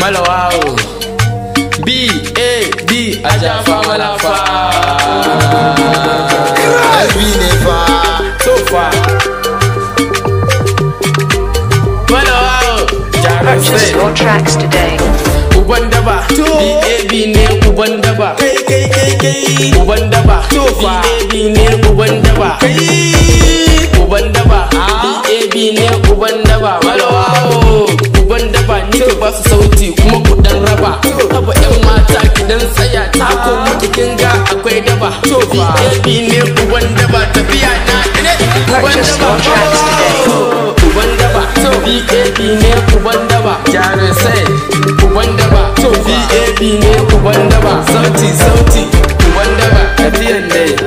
malawawo b a d ajafa fa fa. jara your tracks today. b a b ne b a b ne b a b ne titi kuma ku raba haba yan mata gidan dan tsaya ta ko miki kinga akwai daba to bi ne uban daba tafiya na ne uban daba uban daba to bi ne uban daba jare sai uban daba to bi ne uban daba sauti sauti uban daba tafiyan dai